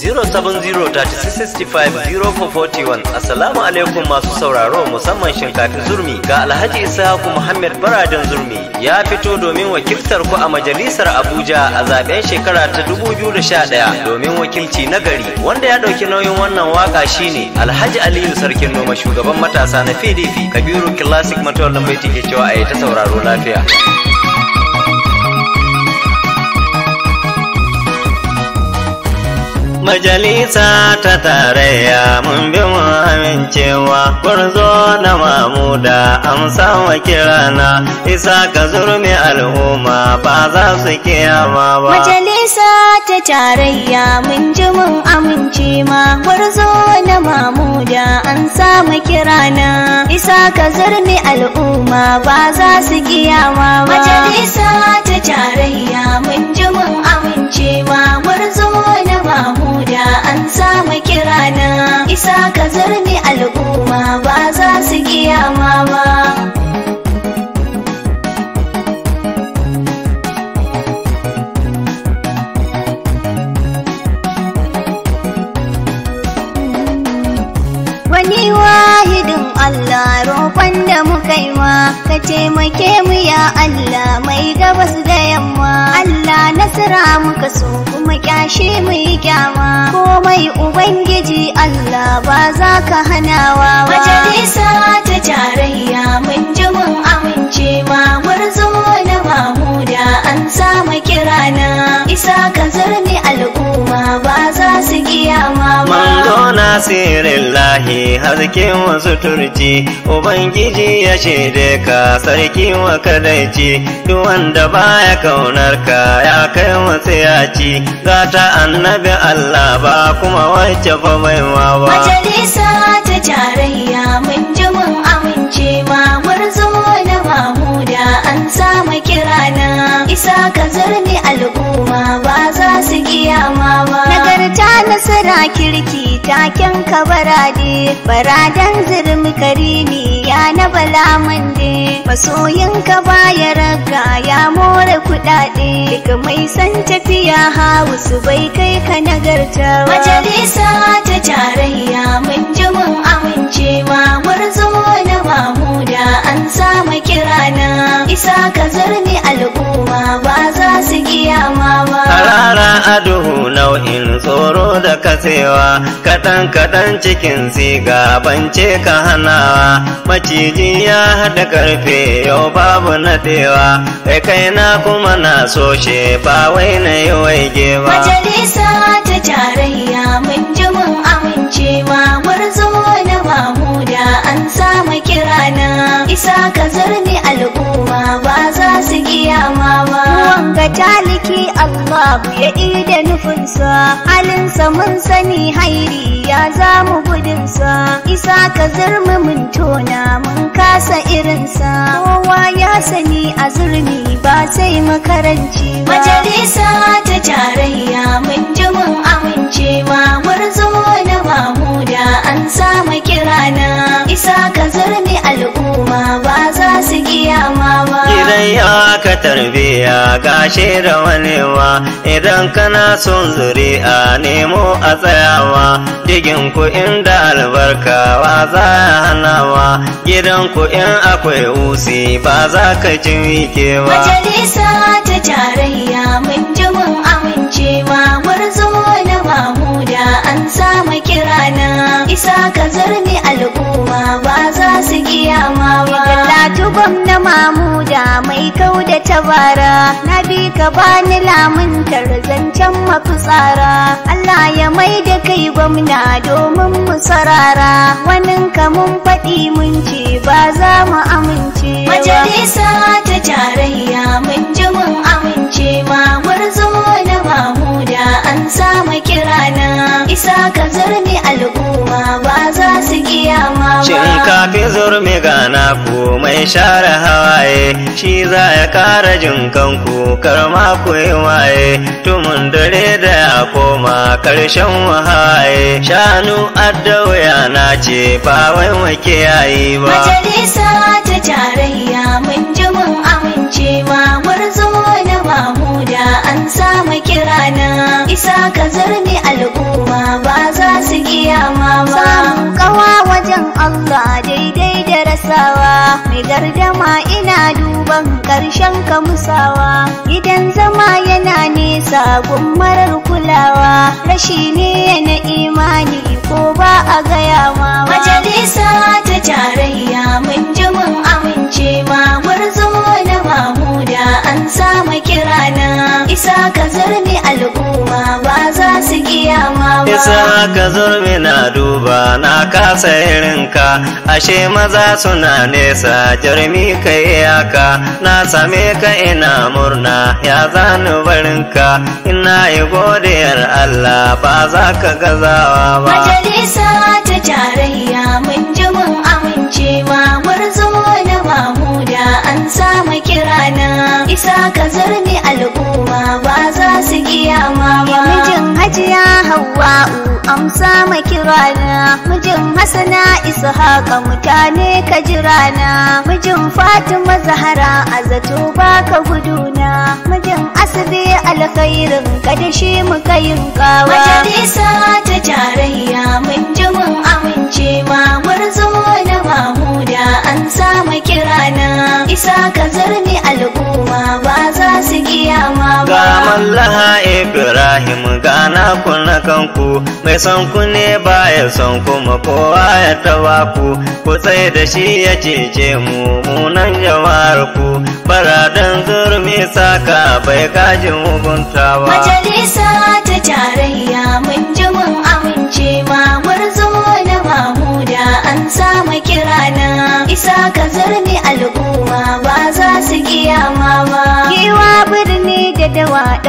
070-3665-0441 Assalamu alaikum masu sauraro musamman shinkafin zurmi ga Alhaji Ishaku Muhammad Baradan zurmi ya fito domin wakiltar ku a majalisar Abuja a zaben shekara ta 2011 domin wakilci nagari, wanda ya ɗauki nauyin wannan waka shine Alhaji Aliyu Sarkin Noma shugaban matasa na PDP Kabiru Classic Matawallin Baiti ke cewa a ta sauraro lafiya. majalisa ta tarayya mun bi mu amincewa zo na mamuda amsa wa kirana isa ka zurmi al'umma ba za su kiyama ba majalisa ta tarayya mun ji mun amince ma zo na mamuda an samu kirana isa ka zurmi al'umma ba za su kiyama ba majalisa ta tarayya mun ji mun amince ma na ba huda an samu kirana isa ka zarni shi mai kyawa komai ubangiji Allah ba za ka hanawa ba majalisa ta jarayya mun ji mun amincewa murzo na mamuda an sa samu kirana isa nasirin lahi haske wasu turci, ubangiji ya shaide ka sarki wa kadaici duk wanda baya kaunar ka ya kai wa tsayaci ta annabi Allah ba kuma wacce fa baiwa ba majalisa ta tarayya mun ji mun amince ma murzo na Mahuda an samu kirana isa ka zarni al'umma ba za su kiyama ba nagarta nasara kirki taken ka barade baradan zirmi ya na bala mande masoyin ka baya raga ya more kuɗaɗe ga mai san tafiya hawu su bai kai ka nagarta majalisa ta tarayya mun ji mun amincewa murzo na mamuda an samu kirana isa ka zarni aduhu duhu nau'in tsoro da katsewa kaɗan kaɗan cikin siga bance ka hanawa maciji ya haɗa karfe yau babu naɗewa kai kai na kuma na soshe ba wai na yi waige ba majalisa ta tarayya mun ji mun amincewa murzo na mamuda an sa samu na. isa ka zarni al'umma ba za su kiyama ba Allah ya ida nufinsa halinsa mun sani hairi ya za mu gudunsa isa ka zurmi mun tona mun kasa irinsa kowa ya sani a zurmi ba sai makaranci ba majalisa ta tarayya mun ji mun amincewa murzo na mamuda an sa samu kirana isa ka zurmi al'umma ba za su kiyama ba tarbiya gashi da wanewa idan kana son zuri'a nemo a tsayawa digin ku inda albarkawa za a hanawa gidan ku in akwai usi ba za ka ji wikewa majalisa ta tarayya mun ji mun amincewa murzo na Mahuda an samu kirana isa ka zarni al'umma ba za su kiyama ba Talatu gwamna mamuda mai kau da tabara na bi ka bani lamuntar zancen mafitsara Allah ya mai da kai gwamna domin mu sarara wanin ka mun faɗi mun ce ba za mu amince majalisa ta jarayya mun ji mun amince ma murzo na mamuda an sa samu kirana isa ka zarni al'umma ba Shinkafi zurmi gana ku mai share hawaye shi za ya kara jin ku karma ku yi waye tumun dare da ya koma karshen wahaye shanu addawaya na ce ba wai wake yayi ba. Majalisa ta tarayya mun ji mun amincewa murzo na Mahuda an samu kirana isa ka zurmi al'umma ba. mama samun kawa wajen Allah daidai da rasawa mai gardama ina duban karshen kamusawa gidan zama yana nesa marar kulawa rashi ne na imani ko ba a gaya ma majalisa ta tarayya mun ji mun amince ma murzo na mamuda an samu kirana isa ka zarni a isa ka zurmi na duba na kasa irinka ashe maza suna nesa jirmi ka iyaka na same ka ina murna ya zanu barinka ina yi godiyar Allah ba za ka gazawa ba majalisa ta tarayya mun ji mun amincewa murzo na mamuda an samu kirana isa ka zurmi al'umma hajiya hawa'u amsa kirana mijin hasana ishaqa mutane ka jira na, mijin fatima zahara a zato gudu na, mijin asibi alkhairin kada shi muka kayin kawa majalisa gana ku na kanku mai son ku ne ya son kuma kowa ya taba ku ku tsaye da shi ya cece mu munan jama'ar ku dan zurmi saka bai kajin muguntawa majalisa ta tarayya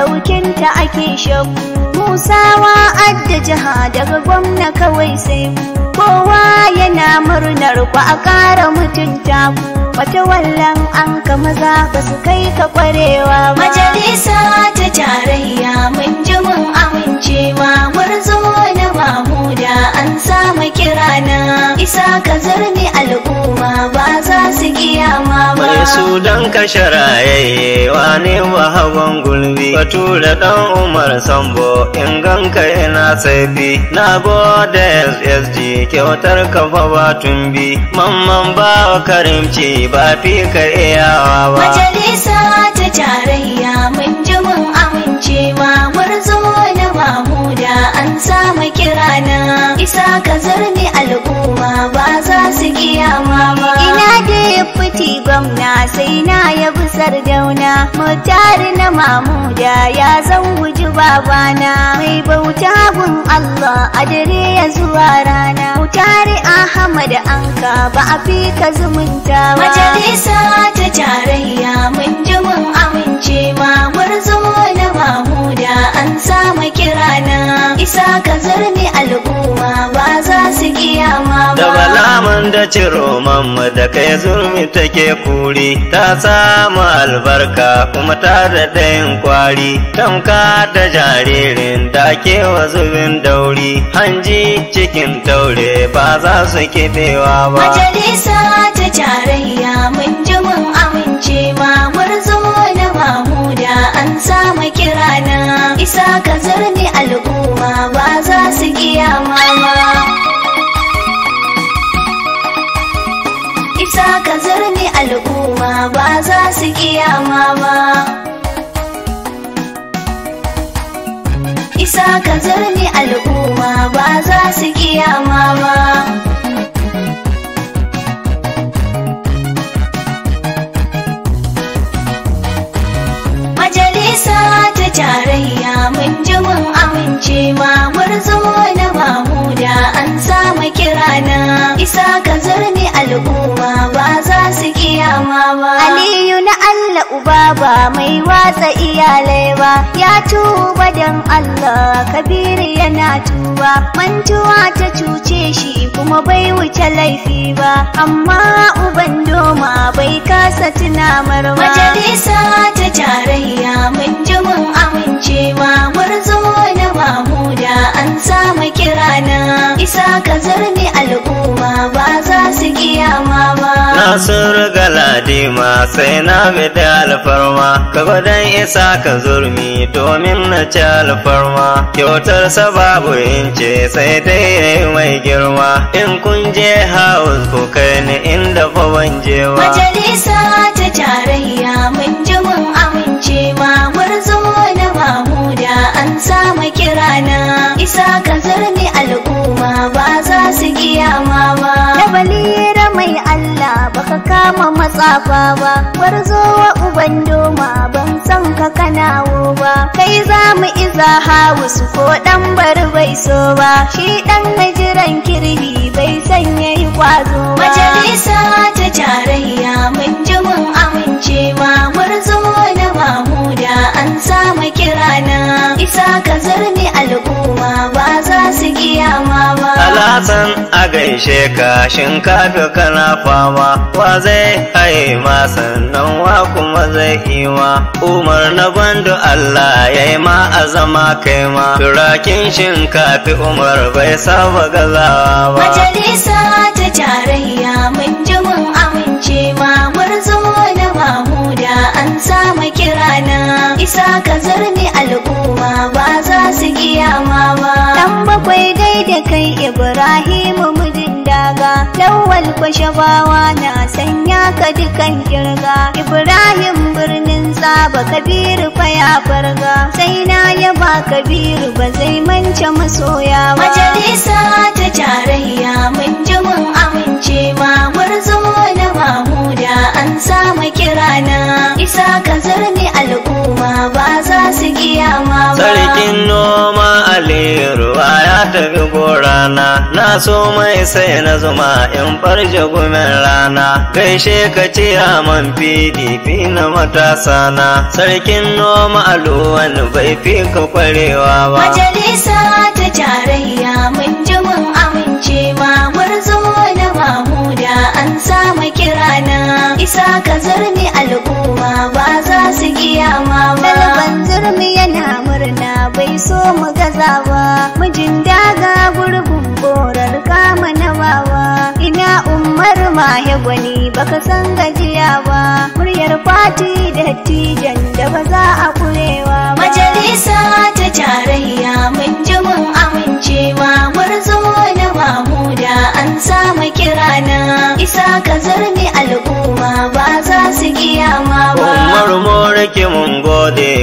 ɗaukinta ake shaku musawa adda jiha daga gwamna kawai sai kowa yana murnar ku a ƙara mutunta ku wata wallan an ka maza ba su kai ka ƙwarewa ba majalisa ta tarayya mun ji mun amincewa murzo na mamuda an samu kirana isa ka zarni don kashe rayaye wane wahawan gulbi bature dan umar sambo in ganka ina saifi na gode ssg kyautar ka tun tumbi mamman ba karimci ba fi ka iyawa ba majalisa ta tarayya mun ji mun amincewa murzo na mamuda an samu kirana isa ka zarni al'umma gwamnati gwamna sai na yabi sardauna mutari na mamuda ya zan guji babana mai bauta gun Allah a dare ya zuwa rana mutar Ahmad anka ba a fi ka zumunta ba majalisa ta tarayya mun ji mun mamur zuwa na Mahuda an samu kirana isa ka zarni al'umma ba za su kiyama ba da balaman da ciro mamma da kai zurmi take kuri ta samu albarka kuma ta da yin kwari tamka da jaririn da kewa zubin dauri hanji cikin daure ba za su kiɗewa ba majalisa ta jarayya mun ji na an samu kira na isa ka zarni al'umma ba za su kiyama ba isa ka zarni al'umma ba za su kiyama ba isa ka zarni al'umma ba za su kiyama ba Har gwarzo na mamuda an samu kirana isa ka zarni al'umma ba za su kiyama ba aliyu na allah uba ba mai watsa iyalai ba ya tuba dan allah kabiru yana tuba mantuwa ta cuce shi kuma bai wuce laifi ba amma uban doma bai kasa tunamar ba majalisa ta tarayya mun ji mun amince mamar zo na mahuda an samu kirana isa ka zarni al'umma ba za su kiyama ba Na nasir galadima sai na da alfarma ka gwadon isa ka zurmi domin na ci alfarma kyautar sa babu in ce sai dai yayi mai girma in kun je house ku kai ni inda fa ban je ba majalisa ta tarayya mai an samu kirana isa ka zarni al'umma ba za su kiyama ba da balira mai Allah baka kama matsafa ba warzo wa uban doma ban san ka kanawo ba kai za mu iza su ko dan bar bai so ba shi dan jiran kirhi bai san yayi kwazo ba majalisa ta tarayya mun ji mun amin na an samu kira na isa ka zarmi al'umma ba za su kiyama ba alasan a gaishe ka shinkafi kana fama wa zai haye ma sannan wa kuma zai yi ma umar na bandu allah ya yi ma a zama kai ma turakin shinkafi umar bai saba gazawa ba majalisa ta tarayya mai kira an samu kira na isa ka zarni al'umma ba za su kiyama ba dan bakwai dai da kai Ibrahim mujin daga lawal kwashabawa na sanya ka dukan kirga ibrahim birnin tsaba kabiru fa ya farga sai na yaba kabiru ba zai mance masoya ba majalisa sa ma na. isa ka zarni al'umma ba za su kiyama ba sarkin noma aliruwa ya tafi gorana na so mai sai na zuma in farje gumin rana gaishe ka ce man pdp na matasa na sarkin noma aluwan bai fi ka kwarewa ba majalisa mu gazawa mijin daga gurbin borar kama nawawa ina umar mahe gwani baka san gajiya ba muryar fati da tijan da ba za a kurewa majalisa ta tarayya mun ji mun amin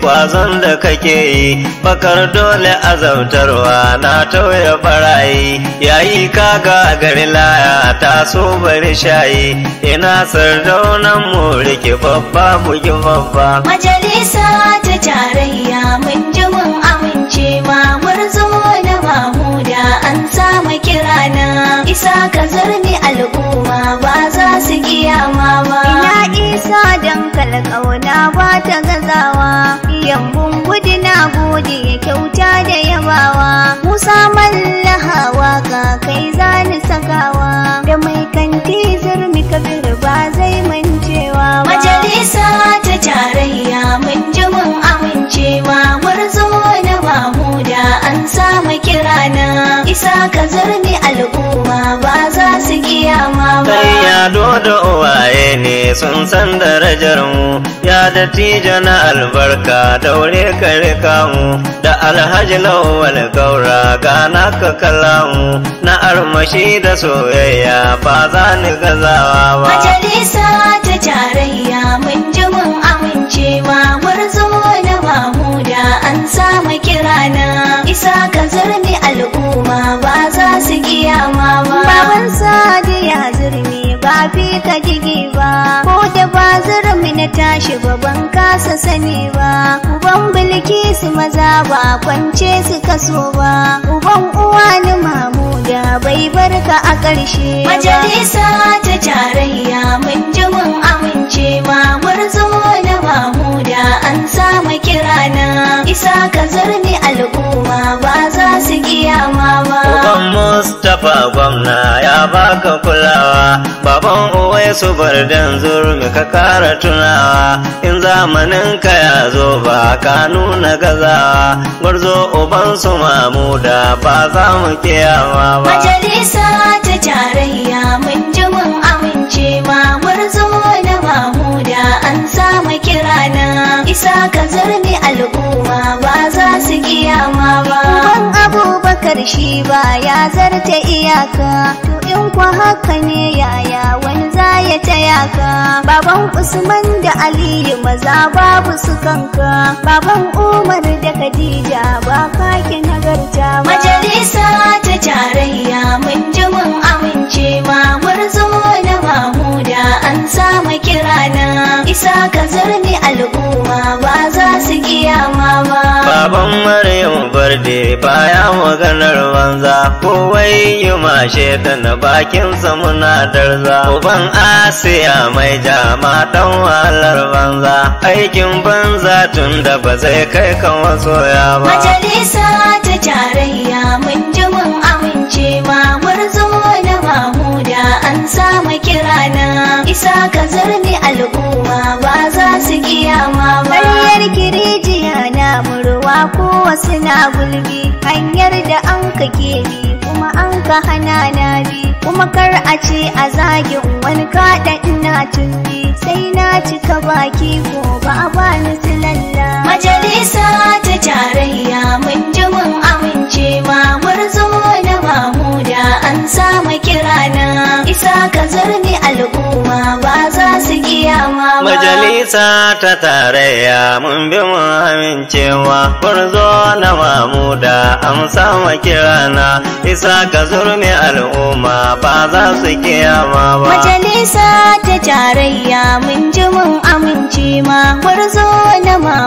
kwazon da kake yi bakar dole azabtarwa na tauye barayi yayi kaga gari laya ta so bari shayi ina sardaunan mu rike babba mu ki babba majalisa ta tarayya mun ji mun amince ma murzo da mamuda an sa Allah waka kai zani sakawa da mai kanti zurmi kabir ba zai mancewa majalisa ta tarayya mun ji mun amincewa murzo na mamuda an samu kirana isa ka zurmi al'umma ba za su kiyama ba. ne sun san darajar mu ya dattijo na albarka daure kare kamu da alhaji lawal gaura gana ka kalamu na armashi da soyayya ba za ni gazawa ba majalisa ta tarayya mun ji mun amincewa murzo na mamuda an samu kirana isa ka zarni al'umma ba ka jigi ba ko da bazurum na tashi ba ban kasa sani ba uban bilki su maza ba kwance su kaso ba uban uwa ni mamu da bai barka a ƙarshe majalisa ta tarayya mun ji mun amince ce murzo na mamuda an samu kirana isa ka zarni al'umma ba za su kiyama ba Uban Mustapha gwamna ya baka kulawa baban uwai su dan zurmi ka kara tunawa in zamanin ka ya zo ba ka nuna gazawa gwarzo uban su mamuda ba za mu kiyama ba Majalisa ta tarayya kira an samu kira na isa ka zarmi al'umma ba za su kiyama ba ban abubakar shi ba ya zarta iyaka to in kwa haka ne yaya wani za ya taya ka baban usman da aliyu maza babu su kanka baban umar da khadija ba kake nagarta majalisa ta tarayya mun ji mun amin mamar zo na Mahuda an samu kirana isa ka zarni al'umma ba za su kiyama ba baban maryam barde baya maganar banza kowai yi mashe kana bakinsa muna darza uban asiya mai jama dan wahalar banza aikin banza tun da ba zai kai kan wasoya ba majalisa ta tarayya mun an samu kirana isa ka zarni al'umma ba za su kiyama ba hanyar kirijiya na murwa ko wasu na gulbi hanyar da an ka bi kuma an ka hana na bi kuma kar a ce a zagin wani kaɗa ina tunbi. sai na cika baki ko ba ba sa ta tarayya mun bi mu amincewa zo na mamuda amsa wa kirana isa ka zurmi al'umma ba za su kiyama ba majalisa ta tarayya mun ji mun amince ma zo na mamuda